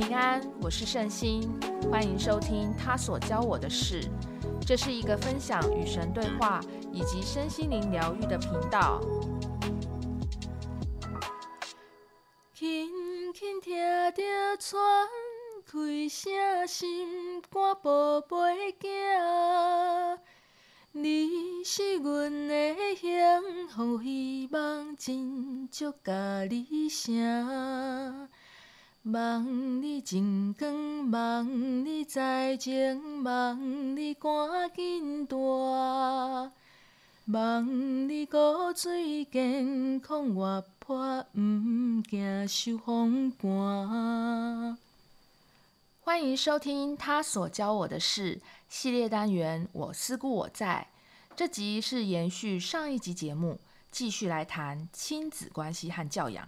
平安，我是聖心，歡迎收聽祂所教我的事。這是一個分享與神對話以及身心靈療癒的頻道。輕輕聽着，喘氣聲，心肝寶貝仔，你是阮的幸福希望真，真足甲你聲。望你晨光，望你早晴，望你趕緊大，望你骨髓健康活潑，毋驚受風寒。歡迎收聽《祂所教我的事》系列單元《我私故我在》，這集是延續上一集節目，繼續來談親子關係和教養。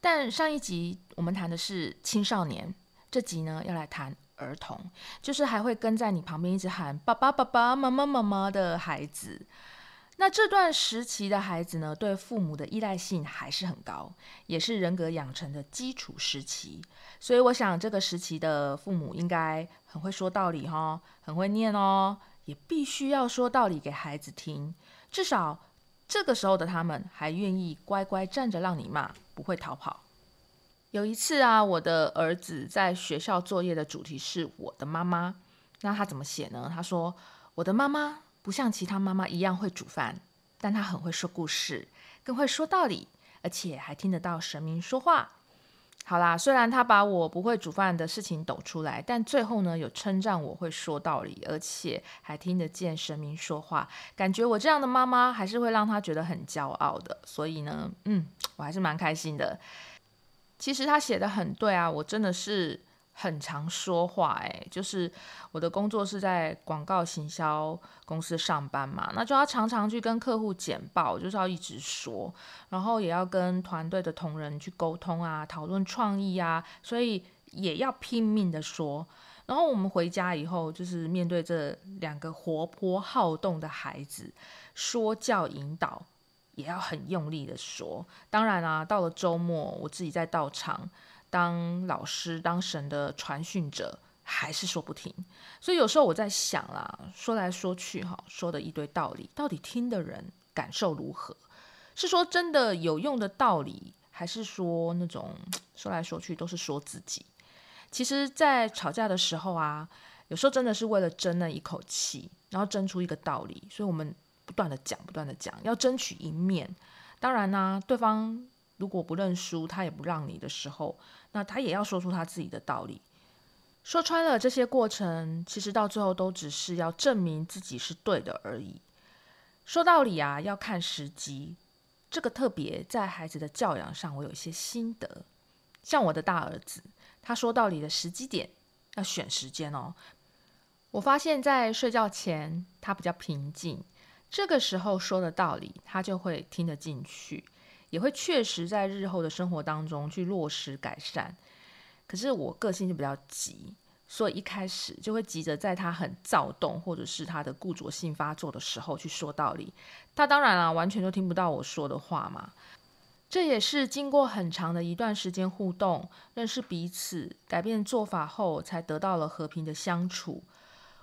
但上一集我們談的是青少年，這集呢要來談兒童，就是還會跟在你旁邊一直喊爸爸爸爸、媽媽媽媽媽的孩子。那這段時期的孩子呢，對父母的依賴性還是很高，也是人格養成的基礎時期。所以我想，這個時期的父母應該很會說道理哈、哦，很會念哦，也必須要說道理給孩子聽。至少這個時候的他們還願意乖乖站着讓你罵。不會逃跑。有一次啊，我的兒子在學校作業的主題是我的媽媽。那他怎麼寫呢？他說：“我的媽媽不像其他媽媽一樣會煮飯，但她很會說故事，更會說道理，而且還聽得到神明說話。”好啦，雖然他把我不會煮飯的事情抖出來，但最後呢，有稱讚我會說道理，而且還聽得見神明說話，感覺我這樣的媽媽還是會讓他覺得很驕傲的，所以呢，嗯，我還是蠻開心的。其實他寫得很對啊，我真的是。很常說話，誒，就是我的工作是在廣告行銷公司上班嘛，那就要常常去跟客戶簡報，就是要一直說，然後也要跟團隊的同仁去溝通啊，討論創意啊，所以也要拼命的說。然後我們回家以後，就是面對這兩個活潑好動的孩子，說教引導也要很用力的說。當然啊，到了周末我自己在道場，當老師，當神的傳訊者，還是說不聽。所以有時候我在想啦，說來說去哈、哦，說的一堆道理，到底聽的人感受如何？是說真的有用的道理，還是說那種說來說去都是說自己？其實，在吵架的時候啊，有時候真的是為了爭那一口氣，然後爭出一個道理。所以我們不斷的講，不斷的講，要爭取一面。當然呢、啊，對方。如果不認輸，他也不讓你的時候，那他也要說出他自己的道理。說穿了，這些過程其實到最後都只是要證明自己是對的而已。說道理啊，要看時機。這個特別在孩子的教養上，我有一些心得。像我的大兒子，他說道理的時機點要選時間哦。我發現，在睡覺前他比較平靜，這個時候說的道理，他就會聽得進去。也會確實在日後的生活當中去落實改善，可是我個性就比較急，所以一開始就會急着在他很躁動或者是他的固着性發作的時候去說道理，他當然了完全都聽不到我說的話嘛。這也是經過很長的一段時間互動、認識彼此、改變做法後，才得到了和平的相處。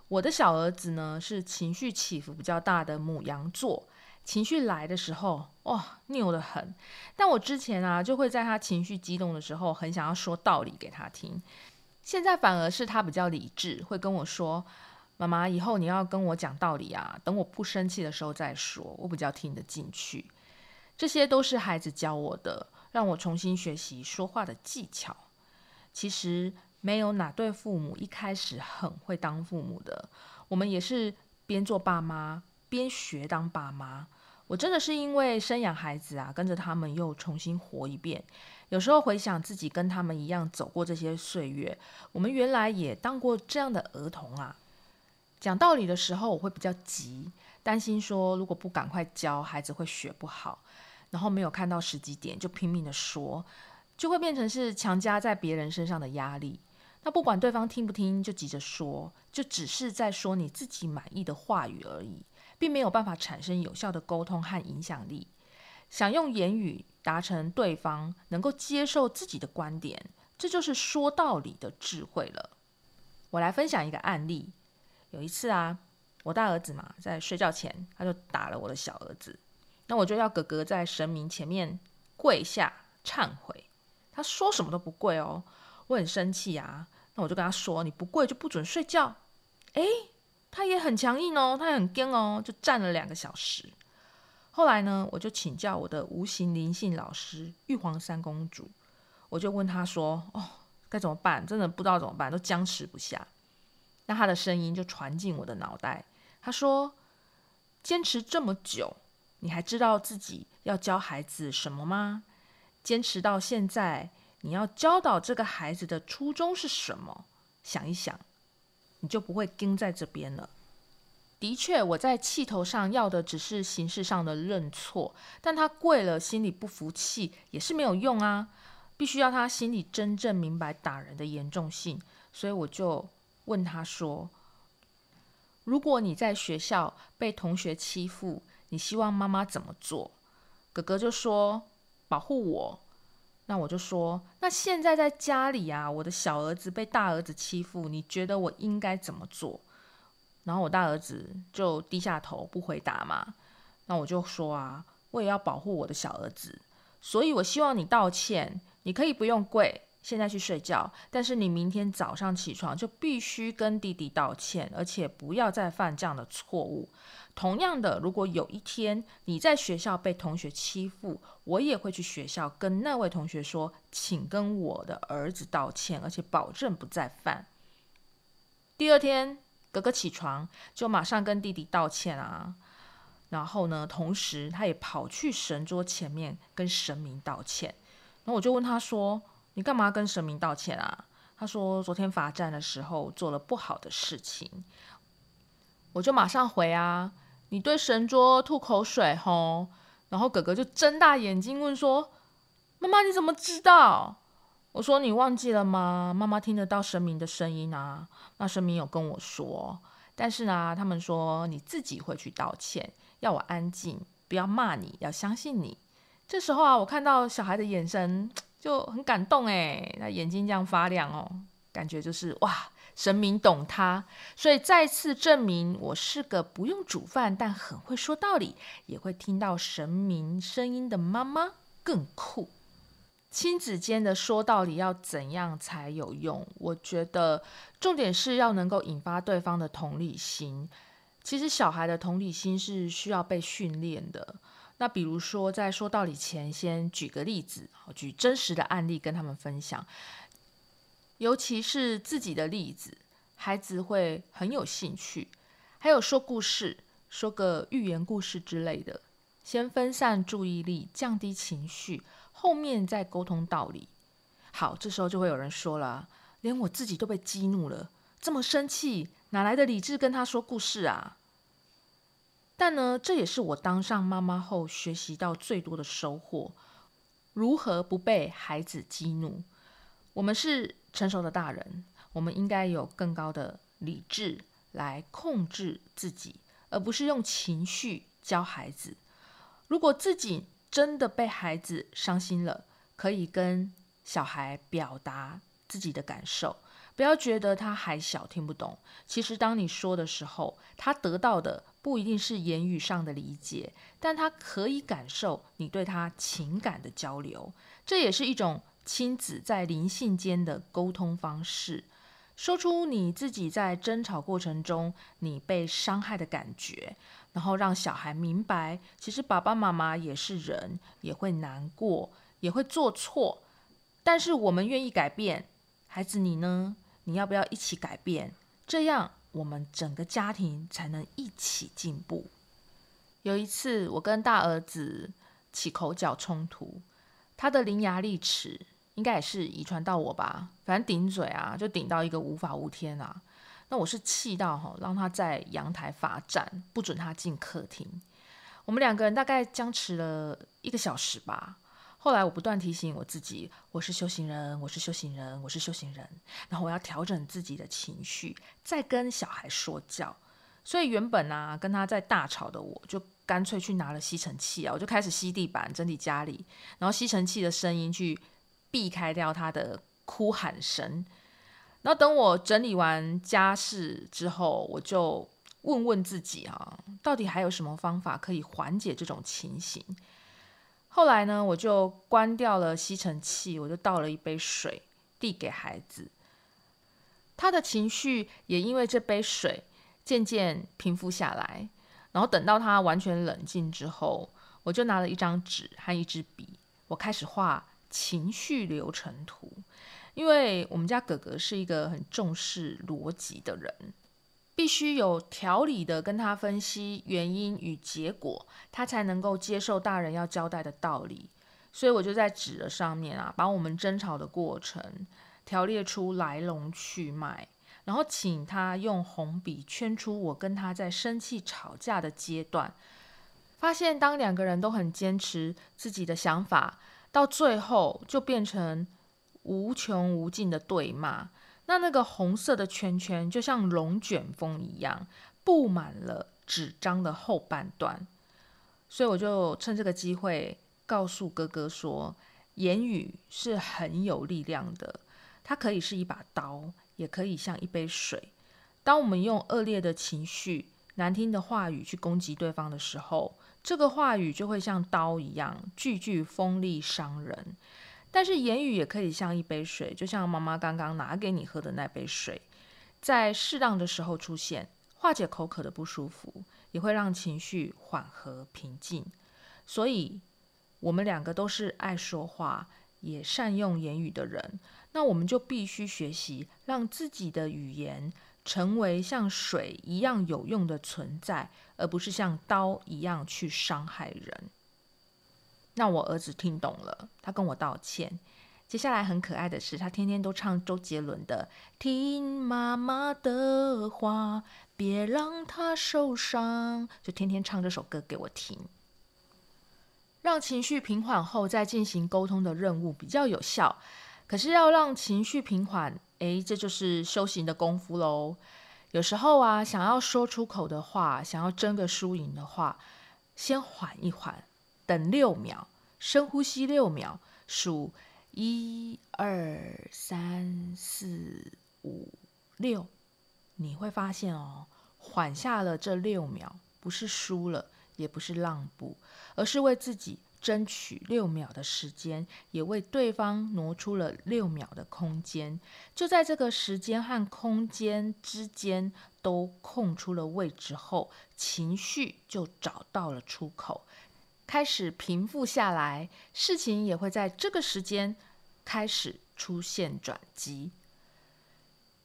我的小兒子呢，是情緒起伏比較大的牡羊座。情緒來的時候，哇、哦，拗得很。但我之前啊，就會在他情緒激動的時候，很想要說道理給他聽。現在反而是他比較理智，會跟我說：“媽媽，以後你要跟我講道理啊，等我不生氣的時候再說。”我比較聽得進去。這些都是孩子教我的，讓我重新學習說話的技巧。其實沒有哪對父母一開始很會當父母的，我們也是邊做爸媽。邊學當爸媽，我真的是因為生養孩子啊，跟着他們又重新活一遍。有時候回想自己跟他們一樣走過這些歲月，我們原來也當過這樣的兒童啊。講道理的時候我會比較急，擔心說如果不趕快教孩子會學不好，然後沒有看到時機點就拼命地說，就會變成是強加在別人身上的壓力。那不管對方聽不聽，就急着說，就只是在說你自己滿意的話語而已。並沒有辦法產生有效的溝通和影響力。想用言語達成對方能夠接受自己的觀點，這就是說道理的智慧了。我來分享一個案例。有一次啊，我大兒子嘛，在睡覺前他就打了我的小兒子，那我就要哥哥在神明前面跪下懺悔，他說什麼都不跪哦。我很生氣啊，那我就跟他說，你不跪就不准睡覺。誒！他也很強硬哦，他也很堅哦，就站了兩個小時。後來呢，我就請教我的無形靈性老師玉皇三公主，我就問她說：“哦，該怎麼辦？真的不知道怎麼辦，都僵持不下。”那她的聲音就傳進我的腦袋，她說：“堅持這麼久，你還知道自己要教孩子什麼嗎？堅持到現在，你要教導這個孩子的初衷是什麼？想一想。”你就不會盯在這邊了。的確，我在氣頭上要的只是形式上的認錯，但他跪了，心裡不服氣也是沒有用啊。必須要他心裡真正明白打人的嚴重性，所以我就問他說：“如果你在學校被同學欺負，你希望媽媽怎麼做？”哥哥就說：“保護我。”那我就說，那現在在家裡啊，我的小兒子被大兒子欺負，你覺得我應該怎麼做？然後我大兒子就低下頭不回答嘛。那我就說啊，我也要保護我的小兒子，所以我希望你道歉，你可以不用跪。現在去睡覺，但是你明天早上起床就必須跟弟弟道歉，而且不要再犯這樣的錯誤。同樣的，如果有一天你在學校被同學欺負，我也會去學校跟那位同學說，請跟我的兒子道歉，而且保證不再犯。第二天，哥哥起床就馬上跟弟弟道歉啊，然後呢，同時他也跑去神桌前面跟神明道歉。然後我就問他說，你幹嘛跟神明道歉啊？他說昨天罰站的時候做了不好的事情，我就馬上回啊！你對神桌吐口水吼，然後哥哥就睜大眼睛問說：“媽媽，你怎麼知道？”我說：“你忘記了嗎？媽媽聽得到神明的聲音啊！那神明有跟我說，但是呢，他們說你自己會去道歉，要我安靜，不要罵你，要相信你。這時候啊，我看到小孩的眼神。”就很感動誒，那眼睛這樣發亮哦，感覺就是哇，神明懂他，所以再次證明我是個不用煮飯但很會說道理，也會聽到神明聲音的媽媽更酷。親子間的說道理要怎樣才有用？我覺得重點是要能夠引發對方的同理心。其實小孩的同理心是需要被訓練的。那比如說，在說道理前，先舉個例子，舉真實的案例跟他們分享，尤其是自己的例子，孩子會很有興趣。還有說故事，說個寓言故事之類的，先分散注意力，降低情緒，後面再溝通道理。好，這時候就會有人說了，連我自己都被激怒了，這麼生氣，哪來的理智跟他說故事啊？但呢，這也是我當上媽媽後學習到最多的收穫。如何不被孩子激怒？我們是成熟的大人，我們應該有更高的理智來控制自己，而不是用情緒教孩子。如果自己真的被孩子傷心了，可以跟小孩表達自己的感受，不要覺得他還小聽不懂。其實，當你說的時候，他得到的。不一定是言語上的理解，但他可以感受你對他情感的交流，這也是一種親子在靈性間的溝通方式。說出你自己在爭吵過程中你被傷害的感覺，然後讓小孩明白，其實爸爸媽媽也是人，也會難過，也會做錯，但是我們願意改變。孩子，你呢？你要不要一起改變？這樣。我們整個家庭才能一起進步。有一次，我跟大兒子起口角衝突，他的伶牙俐齒應該也是遺傳到我吧，反正頂嘴啊，就頂到一個無法無天啊。那我是氣到哈、哦，讓他在陽台罰站，不准他進客廳。我們兩個人大概僵持了一個小時吧。後來我不斷提醒我自己我，我是修行人，我是修行人，我是修行人。然後我要調整自己的情緒，再跟小孩說教。所以原本呢、啊，跟他在大吵的，我就乾脆去拿了吸塵器啊，我就開始吸地板、整理家裡，然後吸塵器的聲音去避開掉他的哭喊聲。然後等我整理完家事之後，我就問問自己啊，到底還有什麼方法可以緩解這種情形？後來呢，我就關掉了吸塵器，我就倒了一杯水遞給孩子，他的情緒也因為這杯水漸漸平復下來。然後等到他完全冷靜之後，我就拿了一張紙和一支筆，我開始畫情緒流程圖。因為我們家哥哥是一個很重視邏輯的人。必須有條理的跟他分析原因與結果，他才能夠接受大人要交代的道理。所以我就在紙的上面啊，把我們爭吵的過程條列出來龍去脈，然後請他用紅筆圈出我跟他在生氣吵架的階段。發現當兩個人都很堅持自己的想法，到最後就變成無窮無盡的對罵。那那個紅色的圈圈，就像龍捲風一樣，佈滿了紙張的後半段，所以我就趁這個機會告訴哥哥說，言語是很有力量的，它可以是一把刀，也可以像一杯水。當我們用惡劣的情緒、難聽的話語去攻擊對方的時候，這個話語就會像刀一樣，句句鋒利傷人。但是言語也可以像一杯水，就像媽媽剛剛拿給你喝的那杯水，在適當的時候出現，化解口渴的不舒服，也會讓情緒緩和平靜。所以，我們兩個都是愛說話、也善用言語的人，那我們就必須學習讓自己的語言成為像水一樣有用的存在，而不是像刀一樣去傷害人。那我兒子聽懂了，他跟我道歉。接下來很可愛的是，他天天都唱周杰倫的《聽媽媽的話》，別讓她受傷，就天天唱這首歌給我聽。讓情緒平緩後，再進行溝通的任務比較有效。可是要讓情緒平緩，誒，這就是修行的功夫嘍。有時候啊，想要說出口的話，想要爭個輸贏的話，先緩一緩。等六秒，深呼吸六秒，數一二三四五六，你會發現哦，緩下了這六秒，不是輸了，也不是讓步，而是為自己爭取六秒的時間，也為對方挪出了六秒的空間。就在這個時間和空間之間都空出了位置後，情緒就找到了出口。開始平復下來，事情也會在這個時間開始出現轉機。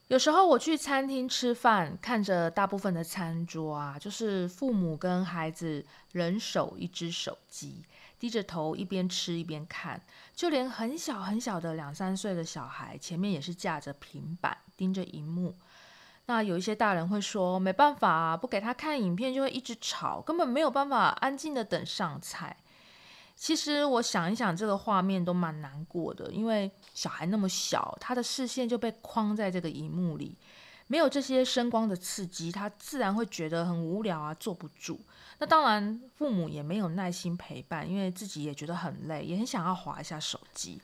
有時候我去餐廳吃飯，看着大部分的餐桌啊，就是父母跟孩子人手一隻手機，低着頭一邊吃一邊看，就連很小很小的兩三歲的小孩，前面也是架着平板盯着熒幕。那有一些大人會說沒辦法啊，不給他看影片，就會一直吵，根本沒有辦法安靜的等上菜。其實我想一想，這個畫面都蠻難過的，因為小孩那麼小，他的視線就被框在這個熒幕裡，沒有這些聲光的刺激，他自然會覺得很無聊啊，坐不住。那當然，父母也沒有耐心陪伴，因為自己也覺得很累，也很想要滑一下手機。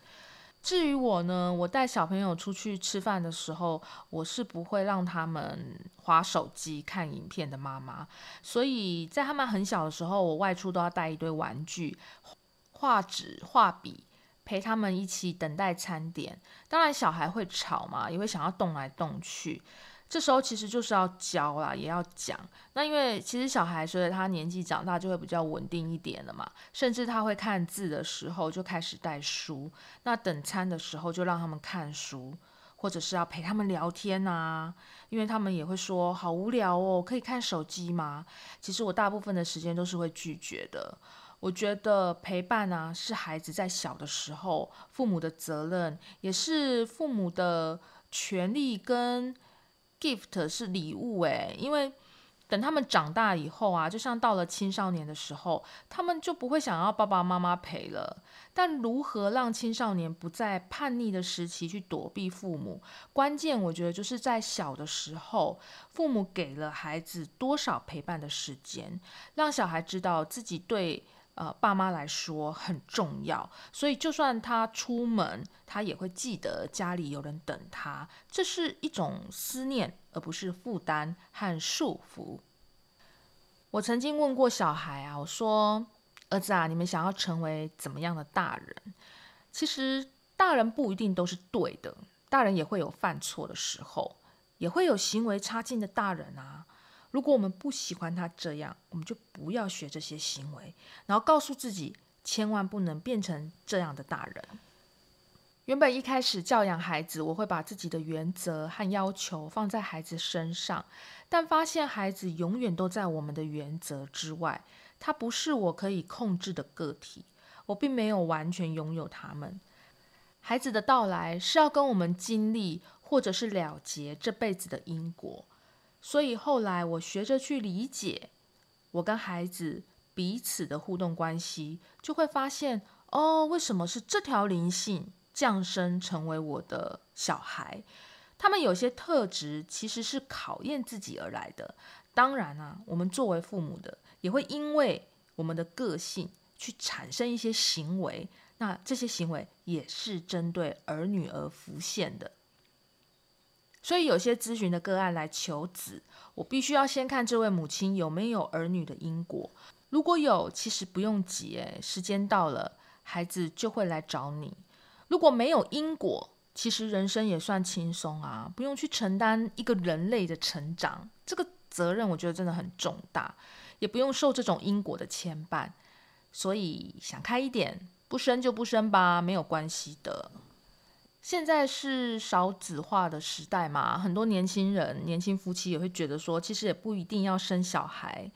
至於我呢，我帶小朋友出去吃飯的時候，我是不會讓他們滑手機看影片的媽媽，所以在他們很小的時候，我外出都要帶一堆玩具、畫紙、畫筆，陪他們一起等待餐點。當然，小孩會吵嘛，也會想要動來動去。這時候其實就是要教啦，也要講。那因為其實小孩，所以他年紀長大就會比較穩定一點了嘛。甚至他會看字的時候就開始帶書，那等餐的時候就讓他們看書，或者是要陪他們聊天啊。因為他們也會說：“好無聊哦，可以看手機嗎？”其實我大部分的時間都是會拒絕的。我覺得陪伴啊，是孩子在小的時候父母的責任，也是父母的權利跟。Gift 是禮物耶，因為等他們長大以後啊，就像到了青少年的時候，他們就不會想要爸爸媽媽陪了。但如何讓青少年不在叛逆的時期去躲避父母？關鍵我覺得就是在小的時候，父母給了孩子多少陪伴的時間，讓小孩知道自己對。呃，爸媽來說很重要，所以就算他出門，他也會記得家裡有人等他。這是一種思念，而不是負擔和束縛。我曾經問過小孩啊，我說：“兒子啊，你們想要成為怎麼樣的大人？”其實，大人不一定都是對的，大人也會有犯錯的時候，也會有行為差勁的大人啊。如果我們不喜歡他這樣，我們就不要學這些行為，然後告訴自己千萬不能變成這樣的大人。原本一開始教養孩子，我會把自己的原則和要求放在孩子身上，但發現孩子永遠都在我們的原則之外，他不是我可以控制的個體，我並沒有完全擁有他們。孩子的到來是要跟我們經歷，或者是了結這輩子的因果。所以後來我學着去理解我跟孩子彼此的互動關係，就會發現哦，為什麼是這條靈性降生成為我的小孩？他們有些特質其實是考驗自己而來的。當然啊，我們作為父母的也會因為我們的個性去產生一些行為，那這些行為也是針對兒女而浮現的。所以有些諮詢的個案來求子，我必須要先看這位母親有沒有兒女的因果。如果有，其實不用急，哎，時間到了，孩子就會來找你。如果沒有因果，其實人生也算輕鬆啊，不用去承擔一個人類的成長這個責任，我覺得真的很重大，也不用受這種因果的牽絆。所以想開一點，不生就不生吧，沒有關係的。現在是少子化的時代嘛，很多年輕人、年輕夫妻也會覺得說，其實也不一定要生小孩，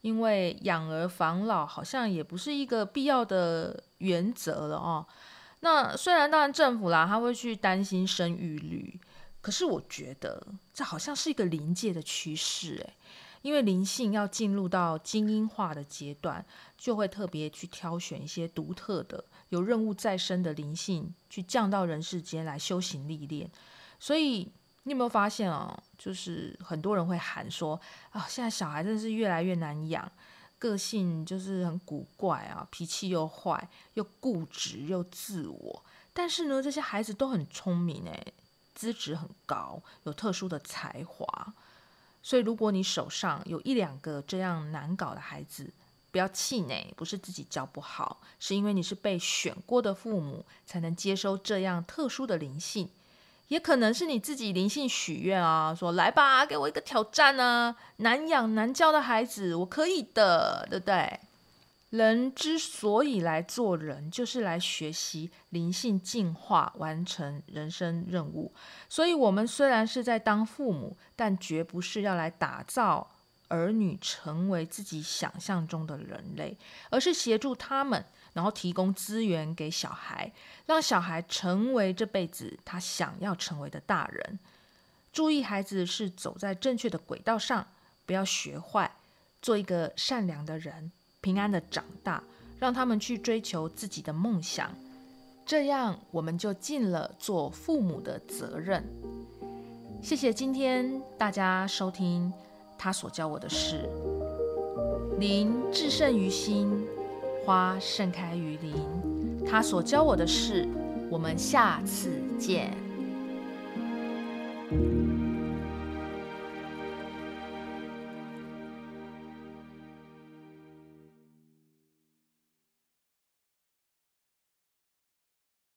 因為養兒防老好像也不是一個必要的原則了哦。那雖然當然政府啦，他會去擔心生育率，可是我覺得這好像是一個靈界的趨勢誒，因為靈性要進入到精英化的階段，就會特別去挑選一些獨特的。有任務在身的靈性去降到人世間來修行歷練，所以你有沒有發現啊、哦？就是很多人會喊說啊、哦，現在小孩真的是越來越難養，個性就是很古怪啊，脾氣又壞，又固執，又自我。但是呢，這些孩子都很聰明哎，資質很高，有特殊的才華。所以如果你手上有一兩個這樣難搞的孩子，不要氣餒，不是自己教不好，是因為你是被選過的父母，才能接收這樣特殊的靈性。也可能是你自己靈性許願啊，說來吧，給我一個挑戰啊！難養難教的孩子，我可以的，對不對？人之所以來做人，就是來學習靈性進化，完成人生任務。所以，我們雖然是在當父母，但絕不是要來打造。兒女成為自己想象中的人類，而是協助他們，然後提供資源給小孩，讓小孩成為這輩子他想要成為的大人。注意，孩子是走在正確的軌道上，不要學壞，做一個善良的人，平安的長大，讓他們去追求自己的夢想。這樣，我們就盡了做父母的責任。謝謝今天大家收聽。祂所教我的事，您置身於心，花盛開於林。祂所教我的事，我們下次見。